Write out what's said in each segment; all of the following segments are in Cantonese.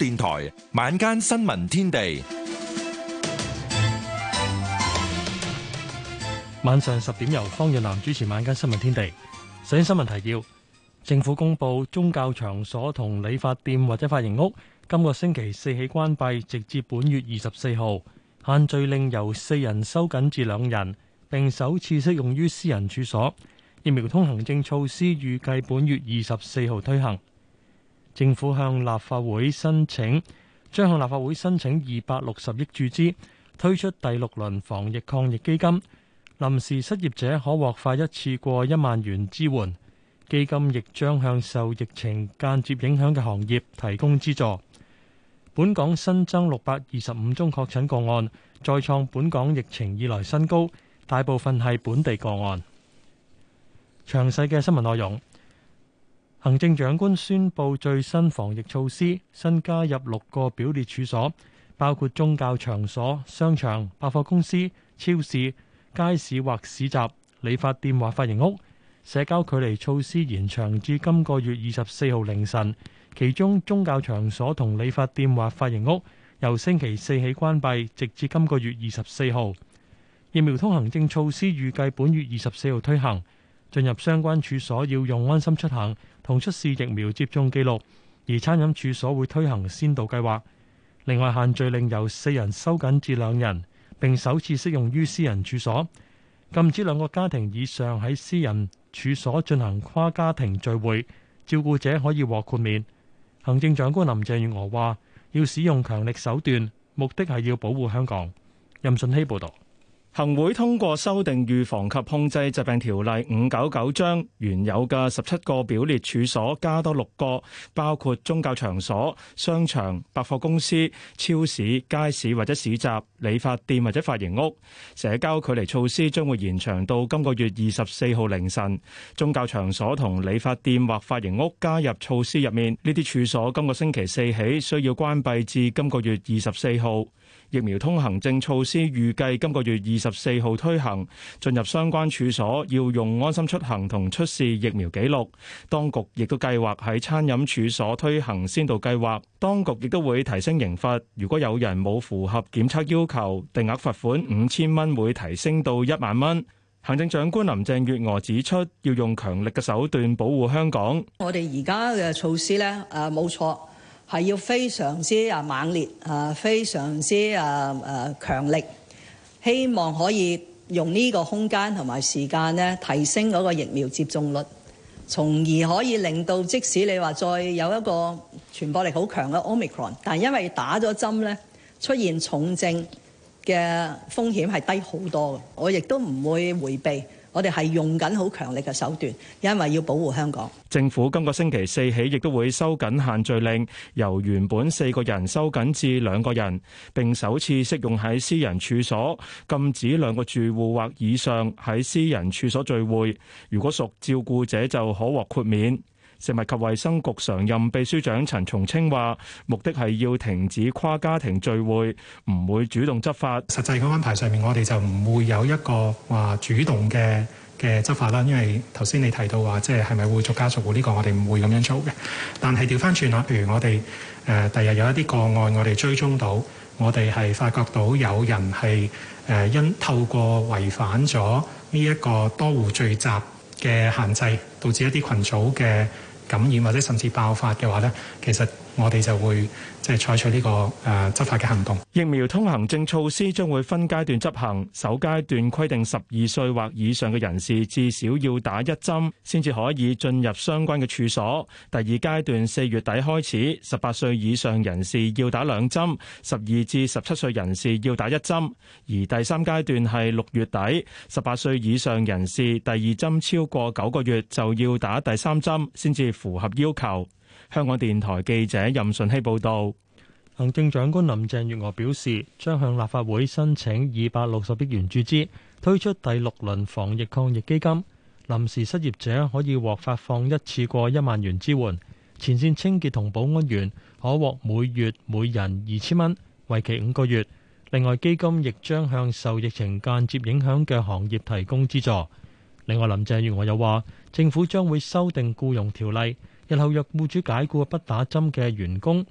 電台晚間新聞天地，晚上十點由方遠南主持晚間新聞天地。首先新聞提要：政府公布宗教場所同理髮店或者髮型屋今個星期四起關閉，直至本月二十四號。限聚令由四人收緊至兩人，並首次適用於私人處所。疫苗通行證措施預計本月二十四號推行。政府向立法會申請，將向立法會申請二百六十億注資，推出第六輪防疫抗疫基金。臨時失業者可獲發一次過一萬元支援。基金亦將向受疫情間接影響嘅行業提供資助。本港新增六百二十五宗確診個案，再創本港疫情以來新高，大部分係本地個案。詳細嘅新聞內容。行政長官宣布最新防疫措施，新加入六個表列處所，包括宗教場所、商場、百貨公司、超市、街市或市集、理髮店或髮型屋。社交距離措施延長至今個月二十四號凌晨，其中宗教場所同理髮店或髮型屋由星期四起關閉，直至今個月二十四號。疫苗通行證措施預計本月二十四號推行，進入相關處所要用安心出行。同出示疫苗接種記錄，而餐飲處所會推行先導計劃，另外，限聚令由四人收緊至兩人，並首次適用於私人處所，禁止兩個家庭以上喺私人處所進行跨家庭聚會，照顧者可以獲豁免。行政長官林鄭月娥話要使用強力手段，目的係要保護香港。任信希報道。行會通過修訂預防及控制疾病條例五九九章，原有嘅十七個表列處所加多六個，包括宗教場所、商場、百貨公司、超市、街市或者市集、理髮店或者髮型屋。社交距離措施將會延長到今個月二十四號凌晨。宗教場所同理髮店或髮型屋加入措施入面，呢啲處所今個星期四起需要關閉至今個月二十四號。疫苗通行證措施預計今個月二。二十四號推行進入相關處所要用安心出行同出示疫苗記錄，當局亦都計劃喺餐飲處所推行先導計劃。當局亦都會提升刑罰，如果有人冇符合檢測要求，定額罰款五千蚊會提升到一萬蚊。行政長官林鄭月娥指出，要用強力嘅手段保護香港。我哋而家嘅措施咧，誒冇錯係要非常之啊猛烈啊，非常之啊誒強力。希望可以用呢個空間同埋時間咧，提升嗰個疫苗接種率，從而可以令到即使你話再有一個傳播力好強嘅 Omicron，但係因為打咗針咧，出現重症嘅風險係低好多嘅。我亦都唔會回避。我哋係用緊好強力嘅手段，因為要保護香港。政府今個星期四起，亦都會收緊限聚令，由原本四個人收緊至兩個人，並首次適用喺私人處所，禁止兩個住戶或以上喺私人處所聚會。如果屬照顧者，就可獲豁免。食物及衛生局常任秘書長陳松青話：目的係要停止跨家庭聚會，唔會主動執法。實際嘅安排上面，我哋就唔會有一個話主動嘅嘅執法啦。因為頭先你提到話，即係係咪會逐家逐戶？呢、這個我哋唔會咁樣做嘅。但係調翻轉啦，譬如我哋誒第日有一啲個案，我哋追蹤到，我哋係發覺到有人係誒因透過違反咗呢一個多戶聚集嘅限制，導致一啲群組嘅。感染或者甚至爆發嘅話，咧，其實，我哋就會即係採取呢個誒執法嘅行動。疫苗通行證措施將會分階段執行。首階段規定，十二歲或以上嘅人士至少要打一針，先至可以進入相關嘅處所。第二階段四月底開始，十八歲以上人士要打兩針，十二至十七歲人士要打一針。而第三階段係六月底，十八歲以上人士第二針超過九個月就要打第三針，先至符合要求。香港電台記者任順希報道，行政長官林鄭月娥表示，將向立法會申請二百六十億元注資，推出第六輪防疫抗疫基金，臨時失業者可以獲發放一次過一萬元支援，前線清潔同保安員可獲每月每人二千蚊，為期五個月。另外，基金亦將向受疫情間接影響嘅行業提供資助。另外，林鄭月娥又話，政府將會修訂僱傭條例。日後若雇主解雇不打針嘅員工，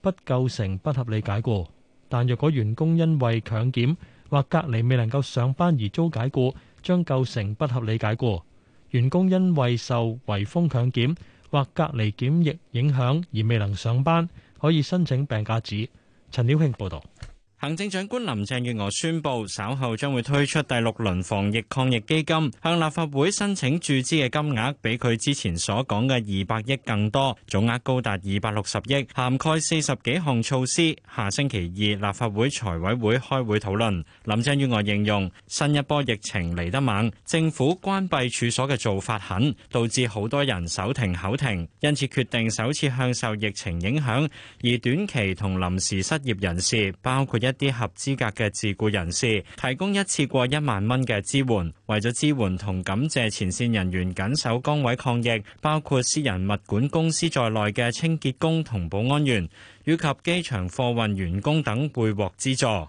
不構成不合理解雇；但若果員工因為強檢或隔離未能夠上班而遭解雇，將構成不合理解雇。員工因為受圍封強檢或隔離檢疫影響而未能上班，可以申請病假紙。陳曉慶報道。行政長官林鄭月娥宣布，稍後將會推出第六輪防疫抗疫基金，向立法會申請注資嘅金額比佢之前所講嘅二百億更多，總額高達二百六十億，涵蓋四十幾項措施。下星期二立法會財委會開會討論。林鄭月娥形容，新一波疫情嚟得猛，政府關閉處所嘅做法狠，導致好多人手停口停，因此決定首次向受疫情影響而短期同臨時失業人士，包括一一啲合資格嘅自僱人士提供一次過一萬蚊嘅支援。為咗支援同感謝前線人員緊守崗位抗疫，包括私人物管公司在內嘅清潔工同保安員，以及機場貨運員工等會獲資助。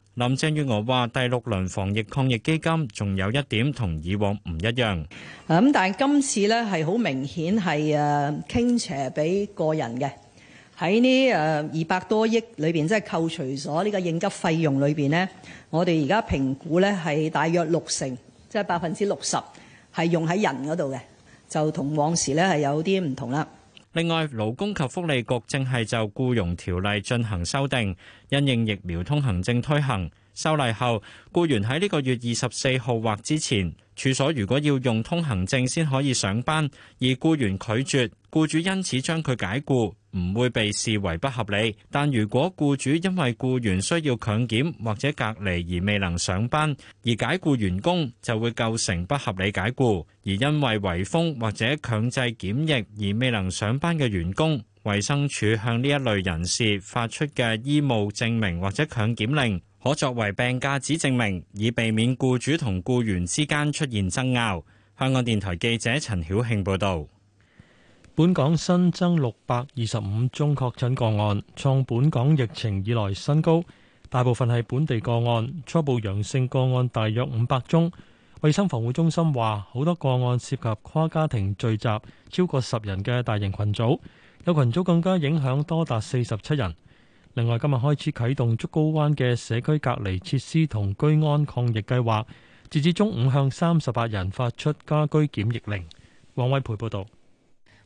林鄭月娥話：第六輪防疫抗疫基金仲有一點同以往唔一樣。咁但係今次咧係好明顯係誒傾斜俾個人嘅，喺呢誒二百多億裏邊，即係扣除咗呢個應急費用裏邊呢，我哋而家評估咧係大約六成，即係百分之六十係用喺人嗰度嘅，就同往時咧係有啲唔同啦。另外，勞工及福利局正係就僱傭條例進行修訂，因應疫苗通行證推行。修例後，雇員喺呢個月二十四號或之前，處所如果要用通行證先可以上班，而雇員拒絕，雇主因此將佢解雇，唔會被視為不合理，但如果雇主因為雇員需要強檢或者隔離而未能上班而解雇員工，就會構成不合理解雇。而因為圍封或者強制檢疫而未能上班嘅員工，衛生署向呢一類人士發出嘅醫務證明或者強檢令，可作為病假紙證明，以避免雇主同雇員之間出現爭拗。香港電台記者陳曉慶報導。本港新增六百二十五宗確診個案，創本港疫情以來新高。大部分係本地個案，初步陽性個案大約五百宗。衛生防護中心話，好多個案涉及跨家庭聚集，超過十人嘅大型群組，有群組更加影響多達四十七人。另外，今日開始啟動竹篙灣嘅社區隔離設施同居安抗疫計劃，截至中午向三十八人發出家居檢疫令。黃偉培報道。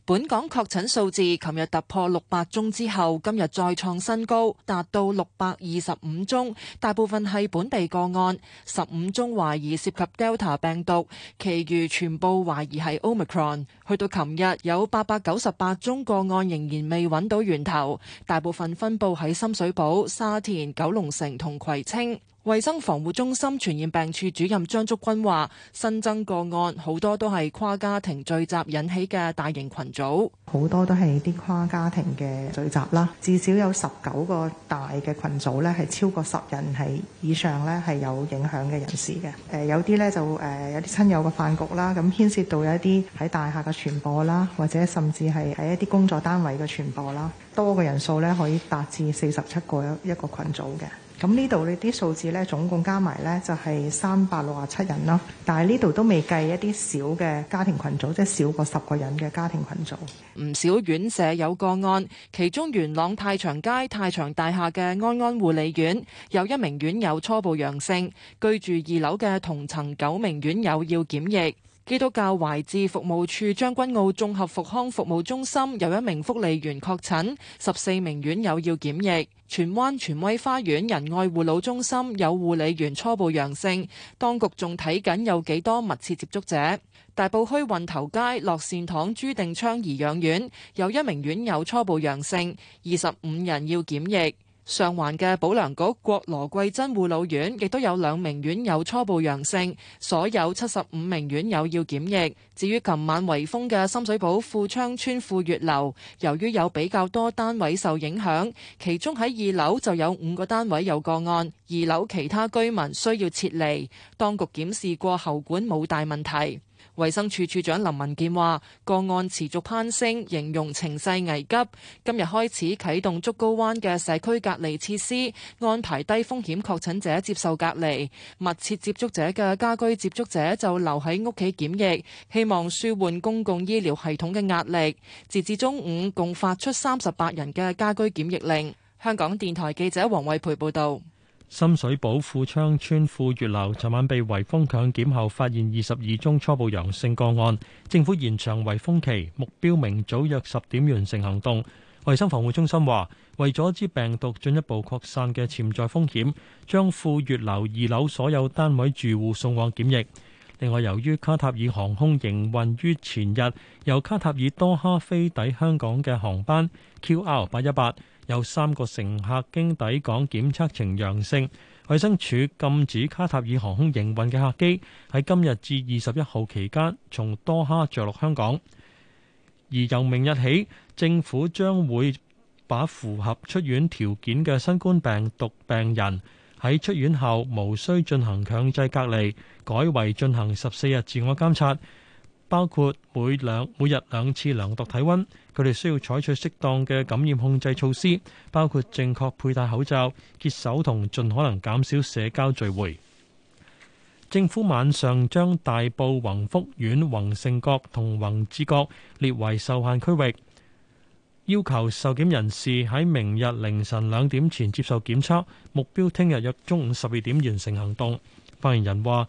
本港確診數字，琴日突破六百宗之後，今日再創新高，達到六百二十五宗，大部分係本地個案，十五宗懷疑涉及 Delta 病毒，其餘全部懷疑係 Omicron。去到琴日，有八百九十八宗個案仍然未揾到源頭，大部分分佈喺深水埗、沙田、九龍城同葵青。衛生防護中心傳染病處主任張竹君話，新增個案好多都係跨家庭聚集引起嘅大型群組，好多都係啲跨家庭嘅聚集啦。至少有十九個大嘅群組咧，係超過十人係以上咧，係有影響嘅人士嘅。誒有啲咧就誒有啲親友嘅飯局啦，咁牽涉到有一啲喺大廈嘅傳播啦，或者甚至係喺一啲工作單位嘅傳播啦。多個人數咧可以達至四十七個一一個群組嘅。咁呢度呢啲數字咧總共加埋咧就係三百六啊七人咯，但係呢度都未計一啲少嘅家庭群組，即係少過十個人嘅家庭群組。唔少院舍有個案，其中元朗太長街太長大廈嘅安安護理院有一名院友初步陽性，居住二樓嘅同層九名院友要檢疫。基督教懷智服務處將軍澳綜合復康服務中心有一名福利員確診，十四名院友要檢疫。荃灣荃威花園仁愛護老中心有護理員初步陽性，當局仲睇緊有幾多密切接觸者。大埔區運頭街樂善堂朱定昌頤養院有一名院友初步陽性，二十五人要檢疫。上環嘅保良局郭羅桂珍護老院亦都有兩名院友初步陽性，所有七十五名院友要檢疫。至於琴晚圍封嘅深水埗富昌村富月樓，由於有比較多單位受影響，其中喺二樓就有五個單位有個案，二樓其他居民需要撤離。當局檢視過喉管冇大問題。衛生署署長林文健話：個案持續攀升，形容情勢危急。今日開始啟動竹篙灣嘅社區隔離設施，安排低風險確診者接受隔離，密切接觸者嘅家居接觸者就留喺屋企檢疫，希望舒緩公共醫療系統嘅壓力。截至中午，共發出三十八人嘅家居檢疫令。香港電台記者黃惠培報道。深水埗富昌邨富月樓昨晚被圍封強檢後，發現二十二宗初步陽性個案。政府延長圍封期，目標明早約十點完成行動。衛生防護中心話，為阻止病毒進一步擴散嘅潛在風險，將富月樓二樓所有單位住戶送往檢疫。另外，由於卡塔爾航空營運於前日由卡塔爾多哈飛抵香港嘅航班 QR 八一八。有三個乘客經抵港檢測呈陽性，衛生署禁止卡塔爾航空營運嘅客機喺今日至二十一號期間從多哈着陸香港。而由明日起，政府將會把符合出院條件嘅新冠病毒病人喺出院後無需進行強制隔離，改為進行十四日自我監察。包括每兩每日兩次量度體温，佢哋需要採取適當嘅感染控制措施，包括正確佩戴口罩、潔手同盡可能減少社交聚會。政府晚上將大埔宏福苑、宏盛閣同宏志閣列為受限區域，要求受檢人士喺明日凌晨兩點前接受檢測，目標聽日約中午十二點完成行動。發言人話：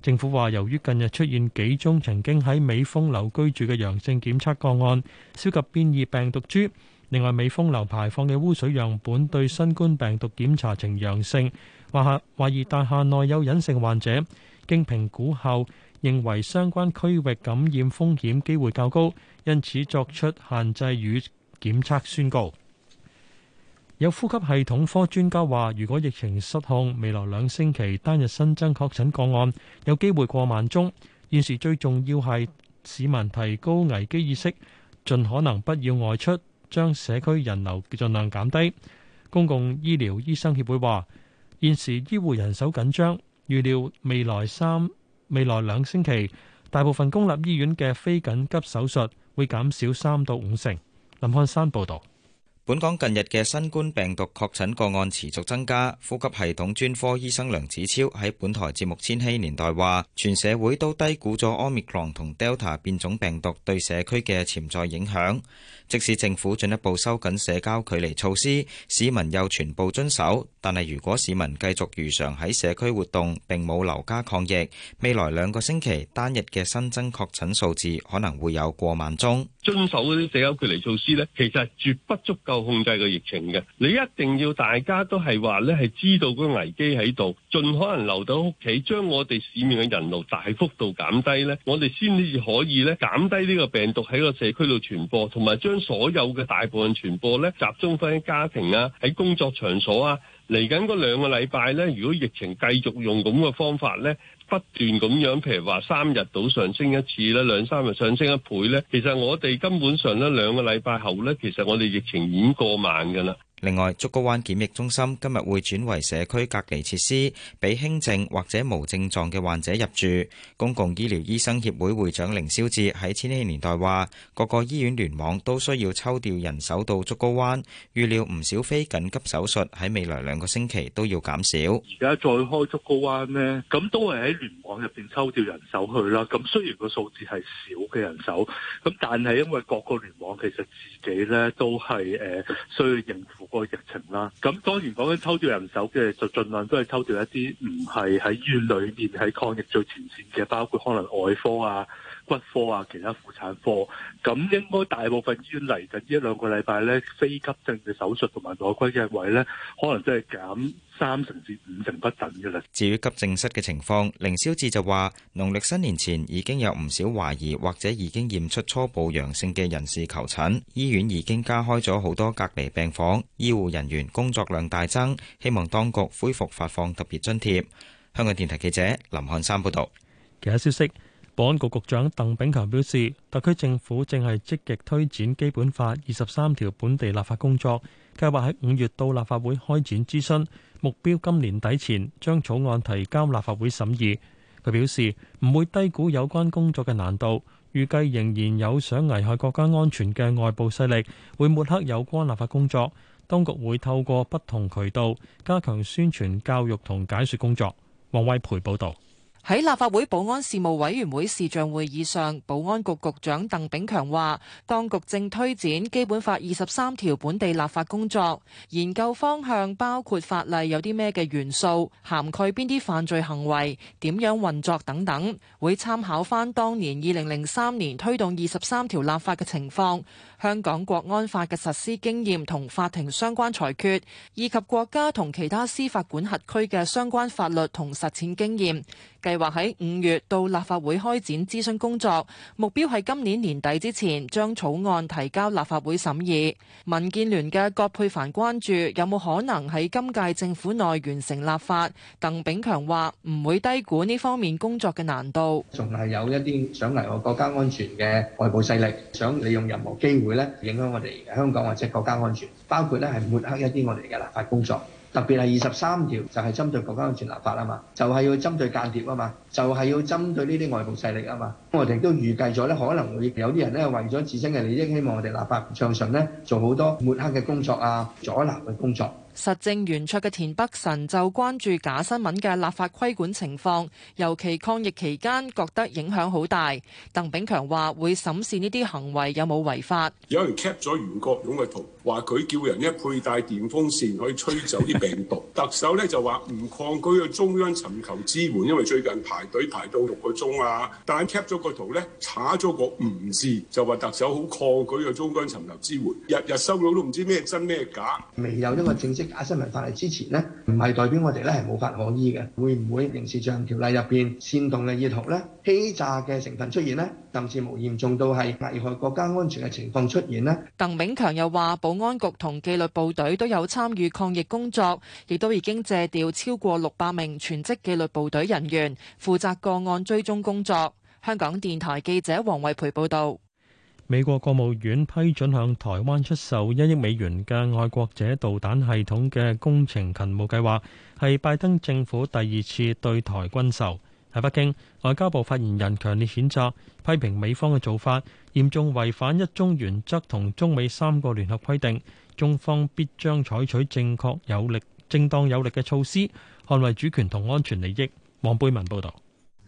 政府話，由於近日出現幾宗曾經喺美豐樓居住嘅陽性檢測個案，涉及變異病毒株，另外美豐樓排放嘅污水樣本對新冠病毒檢查呈陽性，懷下懷疑大廈內有隱性患者，經評估後認為相關區域感染風險機會較高，因此作出限制與檢測宣告。有呼吸系統科專家話：如果疫情失控，未來兩星期單日新增確診個案有機會過萬宗。現時最重要係市民提高危機意識，盡可能不要外出，將社區人流盡量減低。公共醫療醫生協會話：現時醫護人手緊張，預料未來三，未來兩星期，大部分公立醫院嘅非緊急手術會減少三到五成。林漢山報導。本港近日嘅新冠病毒確診個案持續增加，呼吸系統專科醫生梁子超喺本台節目《千禧年代》話，全社會都低估咗 Omicron 同 Delta 變種病毒對社區嘅潛在影響。即使政府進一步收緊社交距離措施，市民又全部遵守，但係如果市民繼續如常喺社區活動，並冇留家抗疫，未來兩個星期單日嘅新增確診數字可能會有過萬宗。遵守嗰啲社交距離措施呢，其實絕不足夠控制個疫情嘅，你一定要大家都係話呢，係知道個危機喺度。盡可能留到屋企，將我哋市面嘅人流大幅度減低呢，我哋先至可以呢減低呢個病毒喺個社區度傳播，同埋將所有嘅大部分傳播呢集中翻喺家庭啊，喺工作場所啊。嚟緊嗰兩個禮拜呢，如果疫情繼續用咁嘅方法呢，不斷咁樣譬如話三日到上升一次啦，兩三日上升一倍呢。其實我哋根本上呢兩個禮拜後呢，其實我哋疫情已經過萬㗎啦。另外，竹篙灣檢疫中心今日會轉為社區隔離設施，俾輕症或者無症狀嘅患者入住。公共醫療醫生協會會長凌霄志喺千禧年代話：各個醫院聯網都需要抽調人手到竹篙灣，預料唔少非緊急手術喺未來兩個星期都要減少。而家再開竹篙灣咧，咁都係喺聯網入邊抽調人手去啦。咁雖然個數字係少嘅人手，咁但係因為各個聯網其實自己咧都係誒需要應付個疫情啦，咁當然講緊抽調人手嘅，就盡量都係抽調一啲唔係喺院裏面、喺抗疫最前線嘅，包括可能外科啊。骨科啊，其他婦產科，咁應該大部分醫院嚟緊一兩個禮拜呢，非急症嘅手術同埋內規嘅位呢，可能真係減三成至五成不等嘅啦。至於急症室嘅情況，凌霄智就話：農曆新年前已經有唔少懷疑或者已經驗出初步陽性嘅人士求診，醫院已經加開咗好多隔離病房，醫護人員工作量大增，希望當局恢復發放特別津貼。香港電台記者林漢山報道。其他消息。保安局局長鄧炳強表示，特區政府正係積極推展《基本法》二十三條本地立法工作，計劃喺五月到立法會開展諮詢，目標今年底前將草案提交立法會審議。佢表示唔會低估有關工作嘅難度，預計仍然有想危害國家安全嘅外部勢力會抹黑有關立法工作，當局會透過不同渠道加強宣傳教育同解說工作。王威培報道。喺立法會保安事務委員會視像會議上，保安局局長鄧炳強話，當局正推展《基本法》二十三條本地立法工作，研究方向包括法例有啲咩嘅元素，涵蓋邊啲犯罪行為，點樣運作等等，會參考返當年二零零三年推動二十三條立法嘅情況，香港國安法嘅實施經驗同法庭相關裁決，以及國家同其他司法管轄區嘅相關法律同實踐經驗。計話喺五月到立法會開展諮詢工作，目標係今年年底之前將草案提交立法會審議。民建聯嘅葛珮帆關注有冇可能喺今屆政府內完成立法。鄧炳強話唔會低估呢方面工作嘅難度。仲係有一啲想危害國家安全嘅外部勢力，想利用任何機會呢，影響我哋香港或者國家安全，包括呢係抹黑一啲我哋嘅立法工作。特別係二十三條就係、是、針對國家安全立法啊嘛，就係、是、要針對間諜啊嘛，就係、是、要針對呢啲外部勢力啊嘛。我哋都預計咗咧，可能會有啲人咧為咗自身嘅利益，希望我哋立法唔暢順咧，做好多抹黑嘅工作啊，阻撓嘅工作。實政圓桌嘅田北辰就關注假新聞嘅立法規管情況，尤其抗疫期間，覺得影響好大。鄧炳強話會審視呢啲行為有冇違法。有人 cap 咗袁國勇嘅圖，話佢叫人一佩戴電風扇去吹走啲病毒。 特首咧就話唔抗拒去中央尋求支援，因為最近排隊排到六個鐘啊。但係 cap 咗個圖咧，查咗個唔字，就話特首好抗拒去中央尋求支援，日日收到都唔知咩真咩假，未有呢個正式，假新聞法嚟之前呢，唔係代表我哋咧係無法可依嘅，會唔會刑事罪行條例入邊煽動嘅意圖呢？欺詐嘅成分出現呢？甚至無嚴重到係危害國家安全嘅情況出現呢？鄧炳強又話，保安局同紀律部隊都有參與抗疫工作，亦都已經借調超過六百名全職紀律部隊人員負責個案追蹤工作。香港電台記者黃惠培報道。美國國務院批准向台灣出售一億美元嘅愛國者導彈系統嘅工程勤務計劃，係拜登政府第二次對台軍售。喺北京，外交部發言人強烈譴責、批評美方嘅做法，嚴重違反一中原則同中美三個聯合規定。中方必將採取正確有力、正當有力嘅措施，捍衞主權同安全利益。黃貝文報導。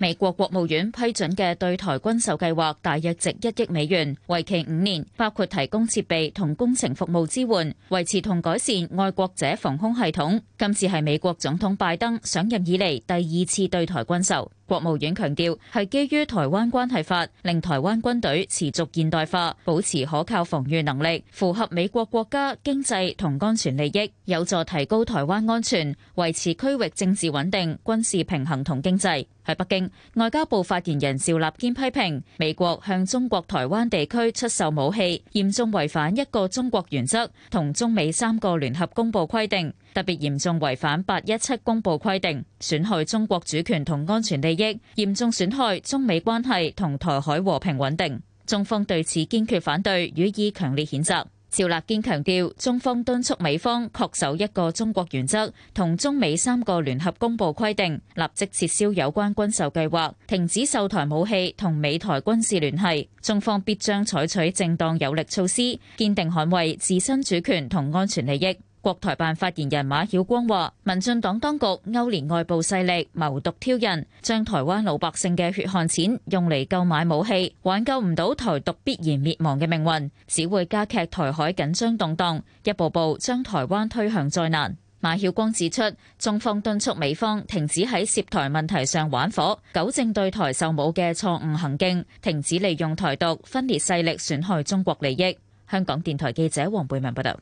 美國國務院批准嘅對台軍售計劃，大約值一億美元，為期五年，包括提供設備同工程服務支援，維持同改善愛國者防空系統。今次係美國總統拜登上任以嚟第二次對台軍售。國務院強調，係基於《台灣關係法》，令台灣軍隊持續現代化，保持可靠防禦能力，符合美國國家經濟同安全利益，有助提高台灣安全，維持區域政治穩定、軍事平衡同經濟。喺北京，外交部發言人趙立堅批評美國向中國台灣地區出售武器，嚴重違反一個中國原則，同中美三個聯合公報規定，特別嚴重違反八一七公報規定，損害中國主權同安全利益，嚴重損害中美關係同台海和平穩定。中方對此堅決反對，予以強烈譴責。趙立堅強調，中方敦促美方恪守一個中國原則同中美三個聯合公報規定，立即撤銷有關軍售計劃，停止售台武器同美台軍事聯繫。中方必將採取正當有力措施，堅定捍衛自身主權同安全利益。國台辦發言人馬曉光話，民進黨當局勾連外部勢力謀獨挑釁，將台灣老百姓嘅血汗錢用嚟購買武器，挽救唔到台獨必然滅亡嘅命運，只會加劇台海緊張動盪，一步步將台灣推向災難。馬曉光指出，中方敦促美方停止喺涉台問題上玩火，糾正對台售武嘅錯誤行徑，停止利用台獨分裂勢力損害中國利益。香港電台記者黃貝文報道。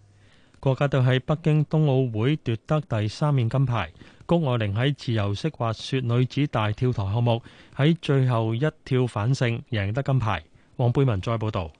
國家隊喺北京冬奧會奪得第三面金牌，谷愛玲喺自由式滑雪女子大跳台項目喺最後一跳反勝，贏得金牌。黃貝文再報道，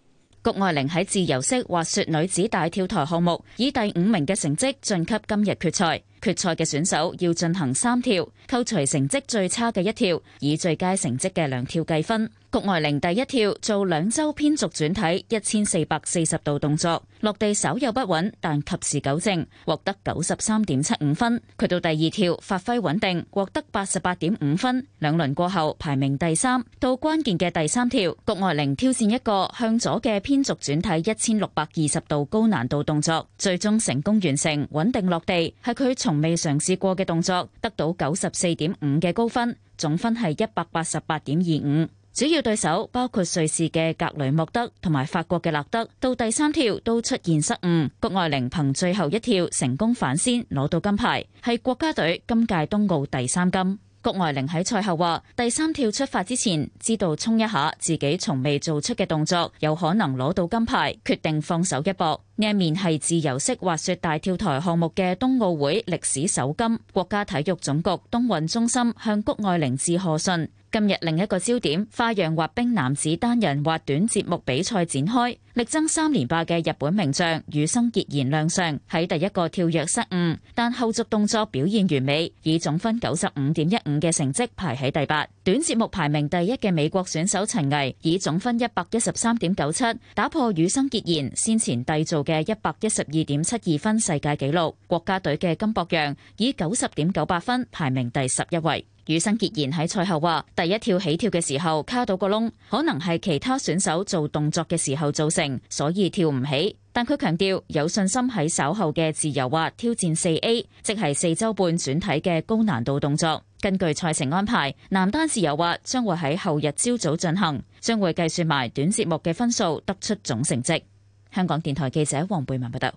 谷愛玲喺自由式滑雪女子大跳台項目以第五名嘅成績晉級今日決賽。決賽嘅選手要進行三跳，扣除成績最差嘅一跳，以最佳成績嘅兩跳計分。谷愛凌第一跳做兩周偏軸轉體一千四百四十度動作，落地稍有不穩，但及時糾正，獲得九十三點七五分。佢到第二跳發揮穩定，獲得八十八點五分。兩輪過後排名第三。到關鍵嘅第三跳，谷愛凌挑戰一個向左嘅偏軸轉體一千六百二十度高難度動作，最終成功完成，穩定落地，係佢，從未嘗試過嘅動作，得到九十四點五嘅高分，總分係一百八十八點二五。主要對手包括瑞士嘅格雷莫德同埋法國嘅勒德，到第三跳都出現失誤。谷愛玲憑最後一跳成功反先，攞到金牌，係國家隊今屆冬奧第三金。谷愛玲喺賽後話：第三跳出發之前，知道衝一下自己從未做出嘅動作，有可能攞到金牌，決定放手一搏。呢一面係自由式滑雪大跳台項目嘅冬奧會歷史首金。國家體育總局冬運中心向谷愛玲致賀信。今日另一個焦點：花樣滑冰男子單人滑短節目比賽展開。力爭三連霸嘅日本名將羽生結弦亮相，喺第一個跳躍失誤，但後續動作表現完美，以總分九十五點一五嘅成績排喺第八。短節目排名第一嘅美國選手陳毅，以總分一百一十三點九七打破羽生結弦先前締造嘅一百一十二點七二分世界紀錄。國家隊嘅金博洋以九十點九八分排名第十一位。羽生結弦喺賽後話：第一跳起跳嘅時候卡到個窿，可能係其他選手做動作嘅時候造成。所以跳唔起，但佢強調有信心喺稍後嘅自由滑挑戰四 A，即係四周半轉體嘅高難度動作。根據賽程安排，男單自由滑將會喺後日朝早進行，將會計算埋短節目嘅分數，得出總成績。香港電台記者黃貝文報道。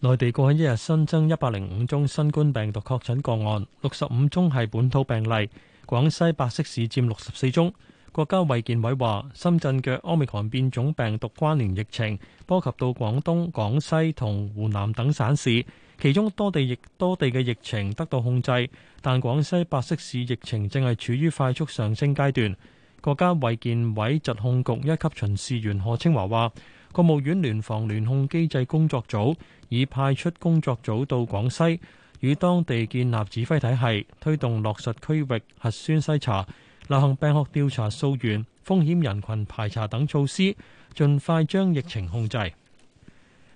內地過去一日新增一百零五宗新冠病毒確診個案，六十五宗係本土病例，廣西百色市占六十四宗。國家衛健委話，深圳嘅奧密克戎變種病毒關聯疫情波及到廣東、廣西同湖南等省市，其中多地亦多地嘅疫情得到控制，但廣西百色市疫情正係處於快速上升階段。國家衛健委疾控局一級巡視員何清華話，國務院聯防聯控機制工作組已派出工作組到廣西，與當地建立指揮體系，推動落實區域核酸篩查。流行病學調查、溯源、風險人群排查等措施，盡快將疫情控制。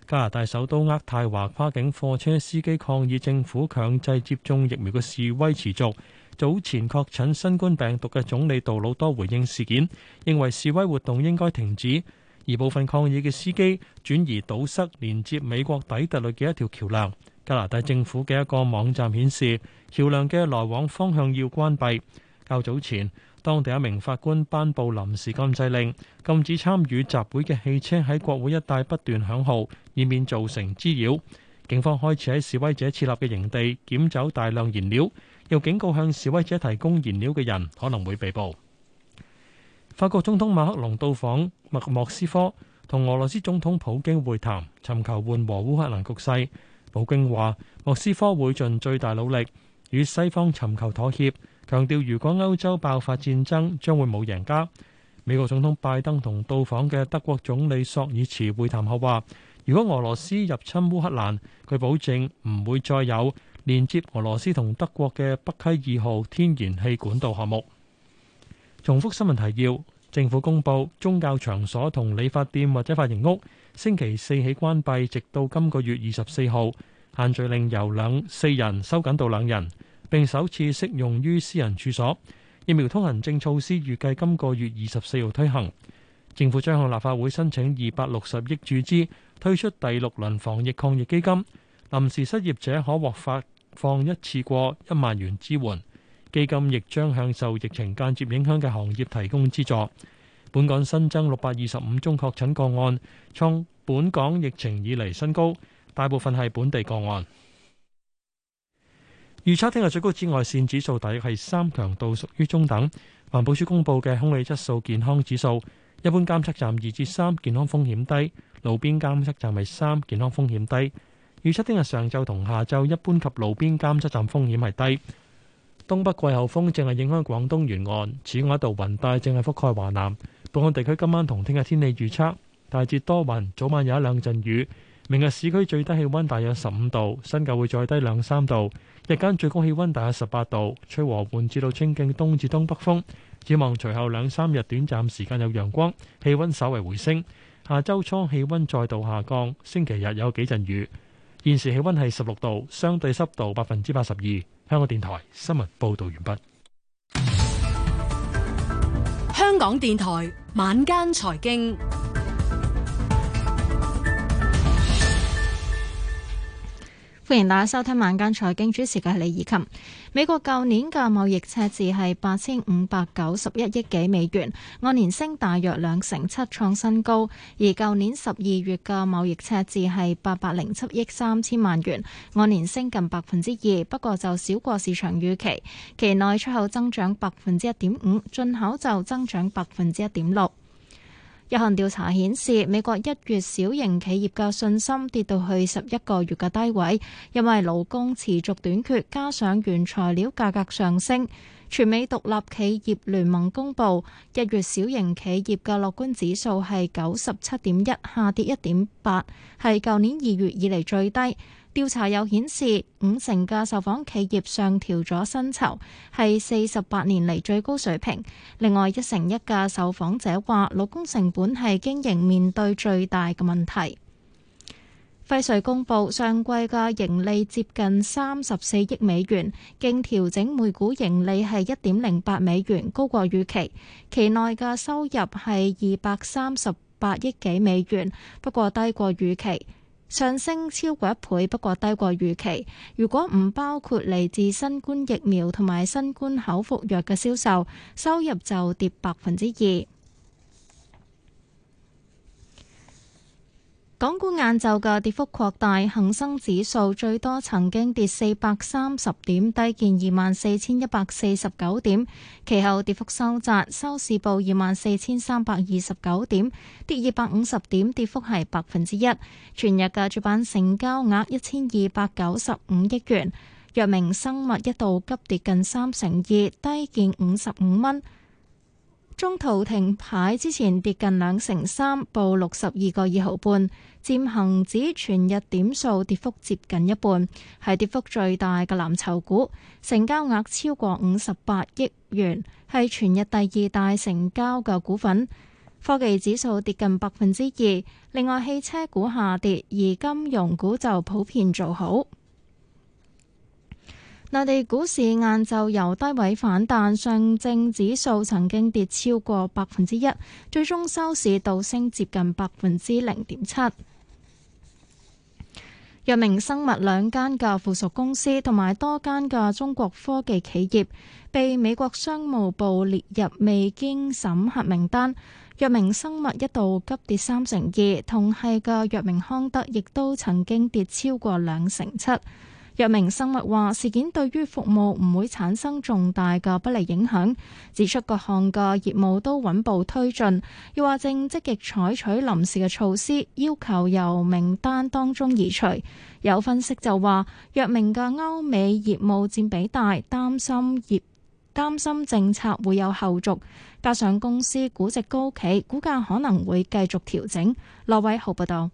加拿大首都渥太華跨境貨車司機抗議政府強制接種疫苗嘅示威持續。早前確診新冠病毒嘅總理杜魯多回應事件，認為示威活動應該停止。而部分抗議嘅司機轉移堵塞連接美國底特律嘅一條橋梁。加拿大政府嘅一個網站顯示，橋梁嘅來往方向要關閉。較早前，當地一名法官頒布臨時禁制令，禁止參與集會嘅汽車喺國會一帶不斷響號，以免造成滋擾。警方開始喺示威者設立嘅營地撿走大量燃料，又警告向示威者提供燃料嘅人可能會被捕。法國總統馬克龍到訪莫斯科，同俄羅斯總統普京會談，尋求緩和烏克蘭局勢。普京話，莫斯科會盡最大努力與西方尋求妥協。強調，如果歐洲爆發戰爭，將會冇贏家。美國總統拜登同到訪嘅德國總理朔爾茨會談後話：如果俄羅斯入侵烏克蘭，佢保證唔會再有連接俄羅斯同德國嘅北溪二號天然氣管道項目。重複新聞提要：政府公布宗教場所同理髮店或者髮型屋星期四起關閉，直到今個月二十四號。限聚令由兩四人收緊到兩人。並首次適用於私人處所，疫苗通行證措施預計今個月二十四號推行。政府將向立法會申請二百六十億注資，推出第六輪防疫抗疫基金，臨時失業者可獲發放一次過一萬元支援。基金亦將向受疫情間接影響嘅行業提供資助。本港新增六百二十五宗確診個案，創本港疫情以嚟新高，大部分係本地個案。預測聽日最高紫外綫指數大約係三強度，屬於中等。環保署公布嘅空氣質素健康指數，一般監測站二至三，健康風險低；路邊監測站係三，健康風險低。預測聽日上晝同下晝一般及路邊監測站風險係低。東北季候風正係影響廣東沿岸，此外一道雲帶正係覆蓋華南。本港地區今晚同聽日天氣預測大致多雲，早晚有一兩陣雨。明日市區最低氣温大約十五度，新界會再低兩三度。日間最高氣溫大約十八度，吹和緩至到清勁東至東北風。展望隨後兩三日短暫時間有陽光，氣溫稍為回升。下周初氣溫再度下降，星期日有幾陣雨。現時氣溫係十六度，相對濕度百分之八十二。香港電台新聞報道完畢。香港電台晚間財經。歡迎大家收聽《晚間財經》，主持嘅係李怡琴。美國舊年嘅貿易赤字係八千五百九十一億幾美元，按年升大約兩成七，創新高。而舊年十二月嘅貿易赤字係八百零七億三千萬元，按年升近百分之二，不過就少過市場預期。期內出口增長百分之一點五，進口就增長百分之一點六。一項調查顯示，美國一月小型企業嘅信心跌到去十一個月嘅低位，因為勞工持續短缺，加上原材料價格上升。全美獨立企業聯盟公佈，一月小型企業嘅樂觀指數係九十七點一，下跌一點八，係舊年二月以嚟最低。調查又顯示，五成嘅受訪企業上調咗薪酬，係四十八年嚟最高水平。另外，一成一嘅受訪者話，勞工成本係經營面對最大嘅問題。輝瑞公佈上季嘅盈利接近三十四億美元，經調整每股盈利係一點零八美元，高過預期。期內嘅收入係二百三十八億幾美元，不過低過預期。上升超過一倍，不過低過預期。如果唔包括嚟自新冠疫苗同埋新冠口服藥嘅銷售，收入就跌百分之二。港股晏晝嘅跌幅擴大，恒生指數最多曾經跌四百三十點，低見二萬四千一百四十九點。其後跌幅收窄，收市報二萬四千三百二十九點，跌二百五十點，跌幅係百分之一。全日嘅主板成交額一千二百九十五億元。藥明生物一度急跌近三成二，低見五十五蚊，中途停牌之前跌近兩成三，報六十二個二毫半。佔恆指全日點數跌幅接近一半，係跌幅最大嘅藍籌股，成交額超過五十八億元，係全日第二大成交嘅股份。科技指數跌近百分之二，另外汽車股下跌，而金融股就普遍做好。內地股市晏晝由低位反彈，上證指數曾經跌超過百分之一，最終收市倒升接近百分之零點七。藥明生物兩間嘅附屬公司同埋多間嘅中國科技企業被美國商務部列入未經審核名單。藥明生物一度急跌三成二，同係嘅藥明康德亦都曾經跌超過兩成七。藥明生物話事件對於服務唔會產生重大嘅不利影響，指出各項嘅業務都穩步推進，又話正積極採取臨時嘅措施，要求由名單當中移除。有分析就話藥明嘅歐美業務佔比大，擔心業擔心政策會有後續，加上公司估值高企，股價可能會繼續調整。羅偉豪報道。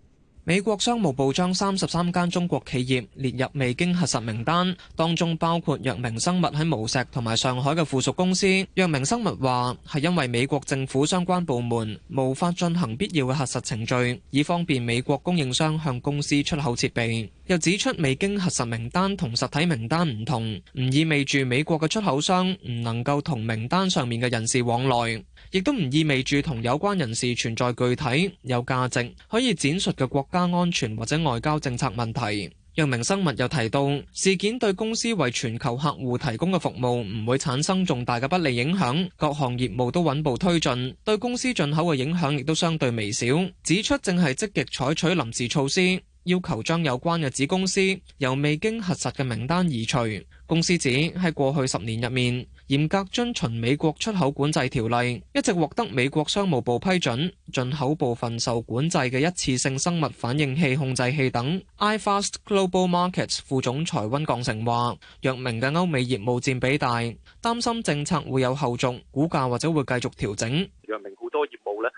美國商務部將三十三間中國企業列入未經核實名單，當中包括藥明生物喺無錫同埋上海嘅附屬公司。藥明生物話，係因為美國政府相關部門無法進行必要嘅核實程序，以方便美國供應商向公司出口設備。又指出，未經核實名單同實體名單唔同，唔意味住美國嘅出口商唔能夠同名單上面嘅人士往來。亦都唔意味住同有關人士存在具體有價值可以展述嘅國家安全或者外交政策問題。藥明生物又提到，事件對公司為全球客戶提供嘅服務唔會產生重大嘅不利影響，各項業務都穩步推進，對公司進口嘅影響亦都相對微小。指出正係積極採取臨時措施，要求將有關嘅子公司由未經核實嘅名單移除。公司指喺過去十年入面。嚴格遵循美國出口管制條例，一直獲得美國商務部批准進口部分受管制嘅一次性生物反應器控制器等。iFast Global Markets 副總裁温鋼成話：藥明嘅歐美業務佔比大，擔心政策會有後續，股價或者會繼續調整。藥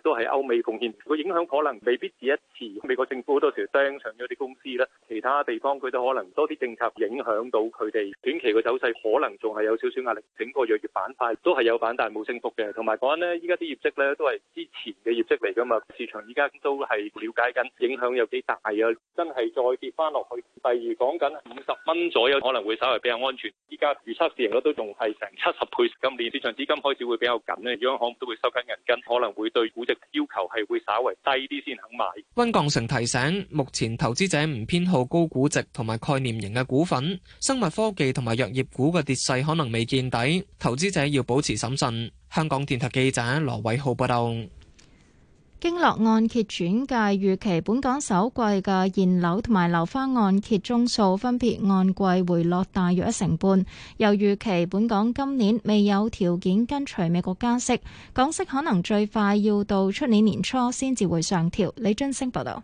都係歐美貢獻，個影響可能未必止一次。美國政府好多時釘上咗啲公司咧，其他地方佢都可能多啲政策影響到佢哋。短期嘅走勢可能仲係有少少壓力。整個藥業板塊都係有反彈冇升幅嘅。同埋講呢，依家啲業績咧都係之前嘅業績嚟㗎嘛。市場依家都係了解緊影響有幾大啊！真係再跌翻落去。第二講緊五十蚊左右可能會稍微比較安全。依家預測市盈率都仲係成七十倍。今年市場資金開始會比較緊咧，央行都會收緊銀根，可能會對。估值要求係會稍為低啲先肯買。溫鋼城提醒，目前投資者唔偏好高估值同埋概念型嘅股份，生物科技同埋藥業股嘅跌勢可能未見底，投資者要保持審慎。香港電台記者羅偉浩報道。經絡按揭轉介預期，本港首季嘅現樓同埋樓花按揭宗數分別按季回落大約一成半。又預期本港今年未有條件跟隨美國加息，港息可能最快要到出年年初先至會上調。李津升報道。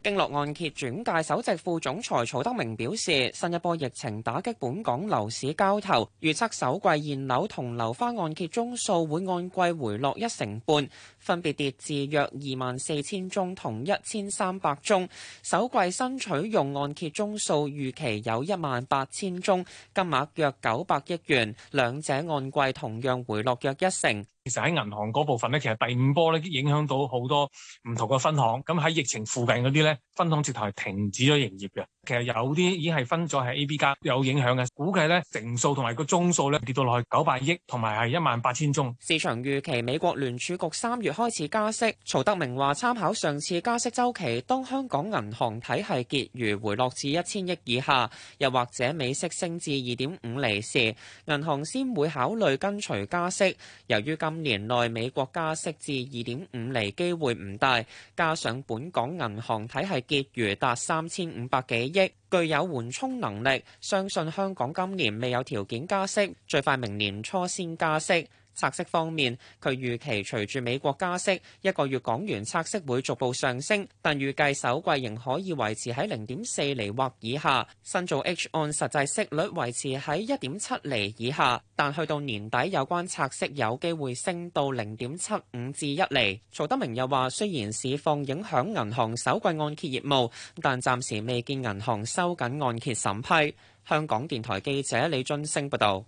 經絡按揭轉介首席副總裁曹德明表示，新一波疫情打擊本港樓市交投，預測首季現樓同樓花按揭宗數會按季回落一成半，分別跌至約二萬四千宗同一千三百宗。首季新取用按揭宗數預期有一萬八千宗，金額約九百億元，兩者按季同樣回落約一成。其實喺銀行嗰部分咧，其實第五波咧影響到好多唔同嘅分行。咁喺疫情附近嗰啲咧。分控截台停止咗營業嘅，其實有啲已經係分咗係 A、B 家有影響嘅，估計咧成數同埋個宗數咧跌到落去九百億，同埋係一萬八千宗。市場預期美國聯儲局三月開始加息，曹德明話參考上次加息周期，當香港銀行體系結餘回落至一千億以下，又或者美息升至二點五厘時，銀行先會考慮跟隨加息。由於今年內美國加息至二點五厘機會唔大，加上本港銀行體系，結餘達三千五百幾億，具有緩衝能力。相信香港今年未有條件加息，最快明年初先加息。拆息方面，佢預期隨住美國加息，一個月港元拆息會逐步上升，但預計首季仍可以維持喺零點四厘或以下。新造 H 按實際息率維持喺一點七厘以下，但去到年底有關拆息有機會升到零點七五至一厘。曹德明又話：雖然市況影響銀行首季按揭業務，但暫時未見銀行收緊按揭審批。香港電台記者李俊升報道。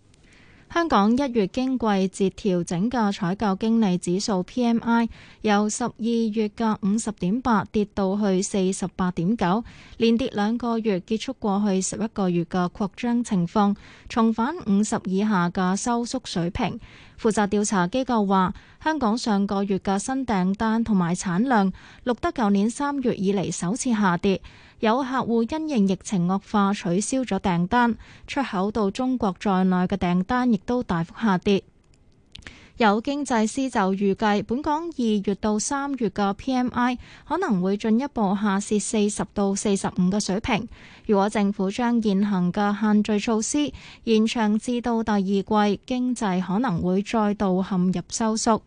香港一月經季節調整嘅採購經理指數 PMI 由十二月嘅五十點八跌到去四十八點九，連跌兩個月，結束過去十一個月嘅擴張情況，重返五十以下嘅收縮水平。負責調查機構話，香港上個月嘅新訂單同埋產量錄得舊年三月以嚟首次下跌。有客戶因應疫情惡化取消咗訂單，出口到中國在內嘅訂單亦都大幅下跌。有經濟師就預計，本港二月到三月嘅 PMI 可能會進一步下跌四十到四十五個水平。如果政府將現行嘅限聚措施延長至到第二季，經濟可能會再度陷入收縮。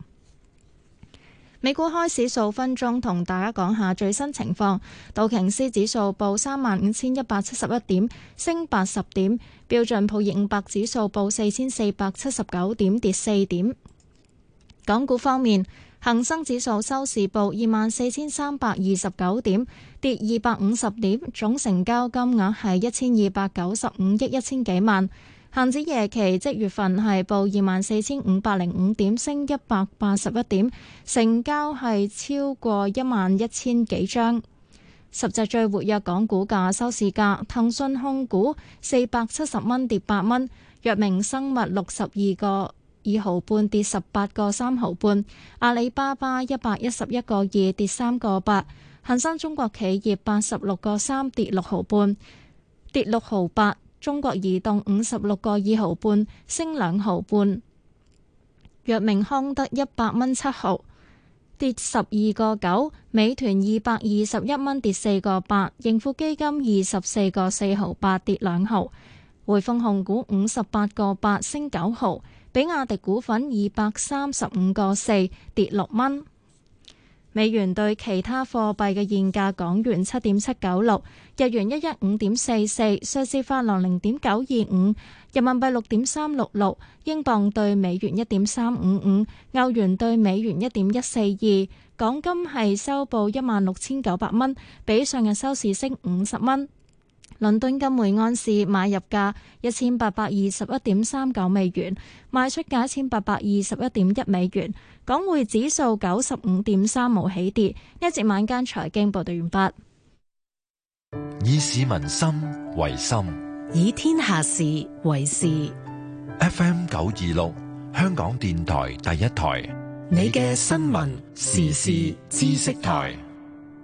美股開市數分鐘，同大家講下最新情況。道瓊斯指數報三萬五千一百七十一點，升八十點。標準普爾五百指數報四千四百七十九點，跌四點。港股方面，恒生指數收市報二萬四千三百二十九點，跌二百五十點。總成交金額係一千二百九十五億一千幾萬。恒指夜期即月份係報二萬四千五百零五點，升一百八十一點，成交係超過一萬一千幾張。十隻最活躍港股價收市價：騰訊控股四百七十蚊跌八蚊，藥明生物六十二個二毫半跌十八個三毫半，阿里巴巴一百一十一個二跌三個八，恒生中國企業八十六個三跌六毫半，跌六毫八。中國移動五十六個二毫半升兩毫半，藥明康德一百蚊七毫跌十二個九，美團二百二十一蚊跌四個八，盈富基金二十四個四毫八跌兩毫，匯豐控股五十八個八升九毫，比亞迪股份二百三十五個四跌六蚊。美元兌其他貨幣嘅現價：港元七點七九六，日元一一五點四四，瑞士法郎零點九二五，人民幣六點三六六，英鎊對美元一點三五五，歐元對美元一點一四二。港金係收報一萬六千九百蚊，比上日收市升五十蚊。倫敦金每安士買入價一千八百二十一點三九美元，賣出價一千八百二十一點一美元。港匯指數九十五點三，冇起跌。一直晚間財經報道完畢。以市民心為心，以天下事為事。FM 九二六，26，香港電台第一台，你嘅新聞時事知識台，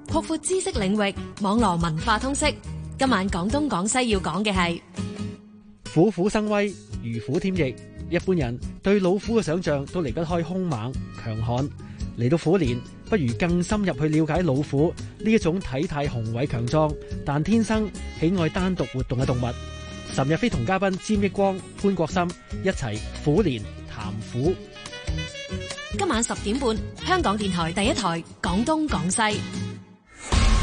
擴闊知識領域，網絡文化通識。今晚廣東廣西要講嘅係虎虎生威，如虎添翼。一般人對老虎嘅想象都離不開凶猛、強悍。嚟到虎年，不如更深入去了解老虎呢一種體態雄偉、強壯，但天生喜愛單獨活動嘅動物。岑日飛同嘉賓詹益光、潘國森一齊虎年談虎。今晚十點半，香港電台第一台廣東廣西。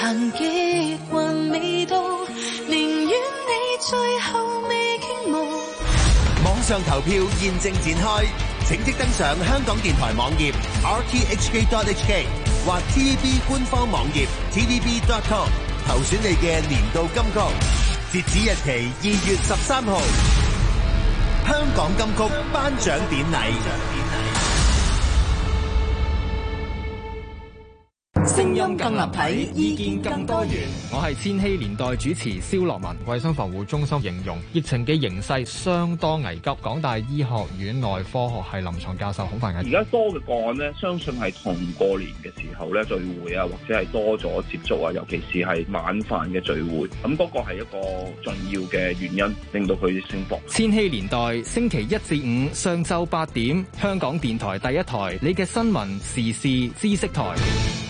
行極還未到，寧願你最後未傾慕。網上投票現正展開，請即登上香港電台網頁 rthk.hk 或 TVB 官方網頁 tvb.com 投選你嘅年度金曲，截止日期二月十三號。香港金曲頒獎典禮。聲音更立體，意見更多元。我係千禧年代主持蕭樂文。衛生防護中心形容疫情嘅形勢相當危急。港大醫學院內科學系臨床教授孔繁毅，而家多嘅個案呢，相信係同過年嘅時候咧聚會啊，或者係多咗接觸啊，尤其是係晚飯嘅聚會，咁、那、嗰個係一個重要嘅原因，令到佢升幅。千禧年代星期一至五上晝八點，香港電台第一台，你嘅新聞時事知識台。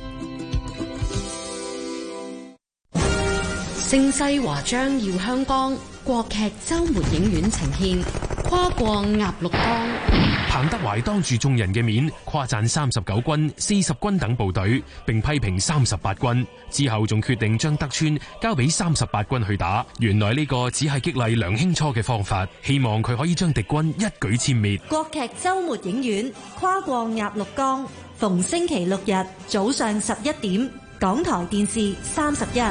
盛世華章耀香港，國劇週末影院呈現《跨過鴨綠江》。彭德懷當住眾人嘅面誇讚三十九軍、四十軍等部隊，並批評三十八軍。之後仲決定將德川交俾三十八軍去打。原來呢個只係激勵梁興初嘅方法，希望佢可以將敵軍一舉殲滅。國劇週末影院《跨過鴨綠江》，逢星期六日早上十一點，港台電視三十一。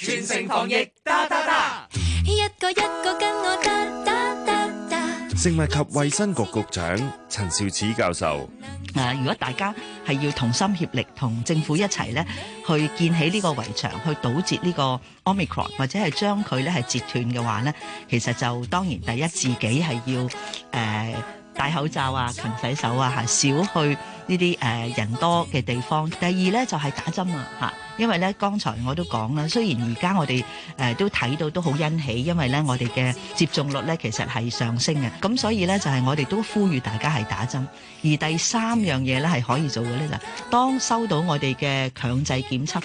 全城防疫，噠噠噠！一個一個跟我噠噠噠噠。食物及衛生局局長陳肇始教授，誒，如果大家係要同心協力，同政府一齊咧，去建起呢個圍牆，去堵截呢個 Omicron，或者係將佢咧係截斷嘅話咧，其實就當然第一自己係要誒。戴口罩啊，勤洗手啊，吓少去呢啲誒人多嘅地方。第二咧就係打針啊，吓，因為咧剛才我都講啦，雖然而家我哋誒都睇到都好欣喜，因為咧我哋嘅接種率咧其實係上升嘅，咁所以咧就係我哋都呼籲大家係打針，而第三樣嘢咧係可以做嘅咧就係當收到我哋嘅強制檢測。